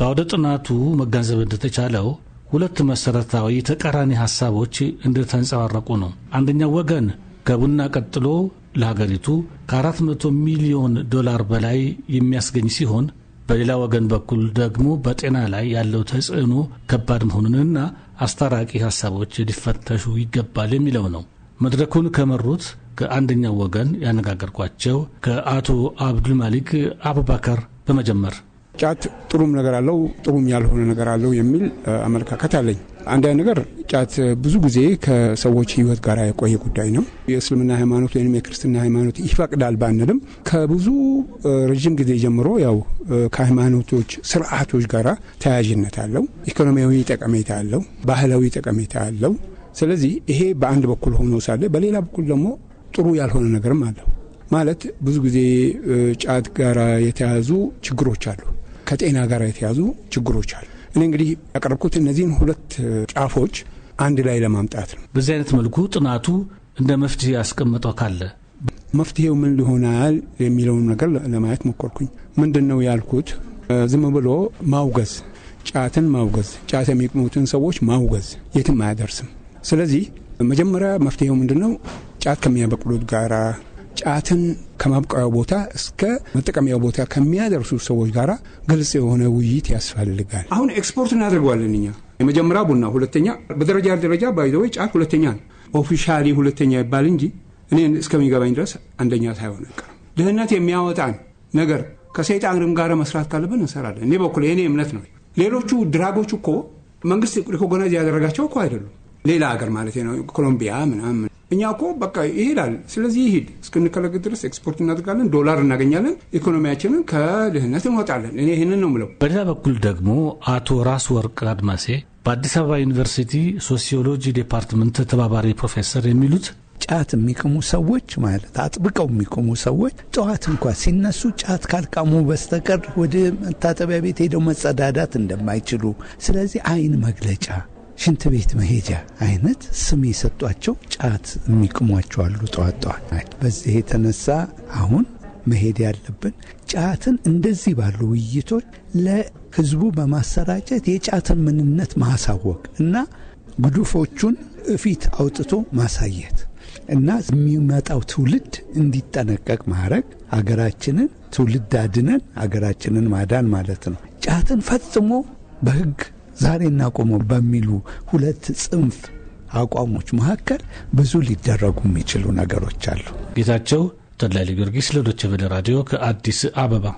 በአውደ ጥናቱ መገንዘብ እንደተቻለው ሁለት መሠረታዊ ተቃራኒ ሐሳቦች እንደተንጸባረቁ ነው። አንደኛው ወገን ከቡና ቀጥሎ ለሀገሪቱ ከ400 ሚሊዮን ዶላር በላይ የሚያስገኝ ሲሆን በሌላ ወገን በኩል ደግሞ በጤና ላይ ያለው ተጽዕኖ ከባድ መሆኑንና አስታራቂ ሐሳቦች ሊፈተሹ ይገባል የሚለው ነው። መድረኩን ከመሩት ከአንደኛው ወገን ያነጋገርኳቸው ከአቶ አብዱልማሊክ አቡባከር በመጀመር ጫት ጥሩም ነገር አለው፣ ጥሩም ያልሆነ ነገር አለው የሚል አመለካከት አለኝ። አንዳንድ ነገር ጫት ብዙ ጊዜ ከሰዎች ሕይወት ጋር የቆየ ጉዳይ ነው። የእስልምና ሃይማኖት ወይም የክርስትና ሃይማኖት ይፈቅዳል ባንልም ከብዙ ረዥም ጊዜ ጀምሮ ያው ከሃይማኖቶች ስርዓቶች ጋር ተያያዥነት አለው። ኢኮኖሚያዊ ጠቀሜታ አለው፣ ባህላዊ ጠቀሜታ አለው። ስለዚህ ይሄ በአንድ በኩል ሆኖ ሳለ በሌላ በኩል ደግሞ ጥሩ ያልሆነ ነገርም አለው። ማለት ብዙ ጊዜ ጫት ጋር የተያዙ ችግሮች አሉ። ከጤና ጋር የተያዙ ችግሮች አሉ። እኔ እንግዲህ ያቀረብኩት እነዚህን ሁለት ጫፎች አንድ ላይ ለማምጣት ነው። በዚህ አይነት መልኩ ጥናቱ እንደ መፍትሄ ያስቀመጠው ካለ መፍትሄው ምን ሊሆናል የሚለውን ነገር ለማየት ሞከርኩኝ። ምንድን ነው ያልኩት? ዝም ብሎ ማውገዝ፣ ጫትን ማውገዝ፣ ጫት የሚቅሙትን ሰዎች ማውገዝ የትም አያደርስም። ስለዚህ መጀመሪያ መፍትሄው ምንድን ነው? ጫት ከሚያበቅሉት ጋራ ጫትን ከማብቀያው ቦታ እስከ መጠቀሚያው ቦታ ከሚያደርሱ ሰዎች ጋር ግልጽ የሆነ ውይይት ያስፈልጋል። አሁን ኤክስፖርት እናደርገዋለን እኛ የመጀመሪያ ቡና፣ ሁለተኛ በደረጃ ደረጃ ባይዘወይ ጫት ሁለተኛ ነው። ኦፊሻሊ ሁለተኛ ይባል እንጂ እኔ እስከሚገባኝ ድረስ አንደኛ ሳይሆን ድህነት የሚያወጣን ነገር ከሰይጣንም ጋር መስራት ካለብን እንሰራለን። እኔ በኩል የኔ እምነት ነው። ሌሎቹ ድራጎች እኮ መንግስት ሪኮጎናይዝ ያደረጋቸው እኮ አይደሉም። ሌላ ሀገር ማለት ነው። ኮሎምቢያ ምናምን እኛ እኮ በቃ ይሄዳል። ስለዚህ ይሄድ እስክንከለግ ድረስ ኤክስፖርት እናደርጋለን፣ ዶላር እናገኛለን፣ ኢኮኖሚያችንን ከድህነት እንወጣለን። እኔ ይህንን ነው ምለው። በሌላ በኩል ደግሞ አቶ ራስ ወርቅ አድማሴ በአዲስ አበባ ዩኒቨርሲቲ ሶሲዮሎጂ ዲፓርትመንት ተባባሪ ፕሮፌሰር የሚሉት ጫት የሚቅሙ ሰዎች ማለት አጥብቀው የሚቅሙ ሰዎች ጠዋት እንኳ ሲነሱ ጫት ካልቃሙ በስተቀር ወደ መታጠቢያ ቤት ሄደው መጸዳዳት እንደማይችሉ፣ ስለዚህ አይን መግለጫ ሽንት ቤት መሄጃ አይነት ስም የሰጧቸው ጫት የሚቅሟቸው አሉ። ጠዋት ጠዋት በዚህ የተነሳ አሁን መሄድ ያለብን ጫትን እንደዚህ ባሉ ውይይቶች ለህዝቡ በማሰራጨት የጫትን ምንነት ማሳወቅ እና ግዱፎቹን እፊት አውጥቶ ማሳየት እና የሚመጣው ትውልድ እንዲጠነቀቅ ማድረግ አገራችንን ትውልድ አድነን አገራችንን ማዳን ማለት ነው። ጫትን ፈጽሞ በህግ ዛሬ እናቆመው በሚሉ ሁለት ጽንፍ አቋሞች መካከል ብዙ ሊደረጉ የሚችሉ ነገሮች አሉ። ጌታቸው ተድላይ ጊዮርጊስ ለዶይቼ ቬለ ራዲዮ ከአዲስ አበባ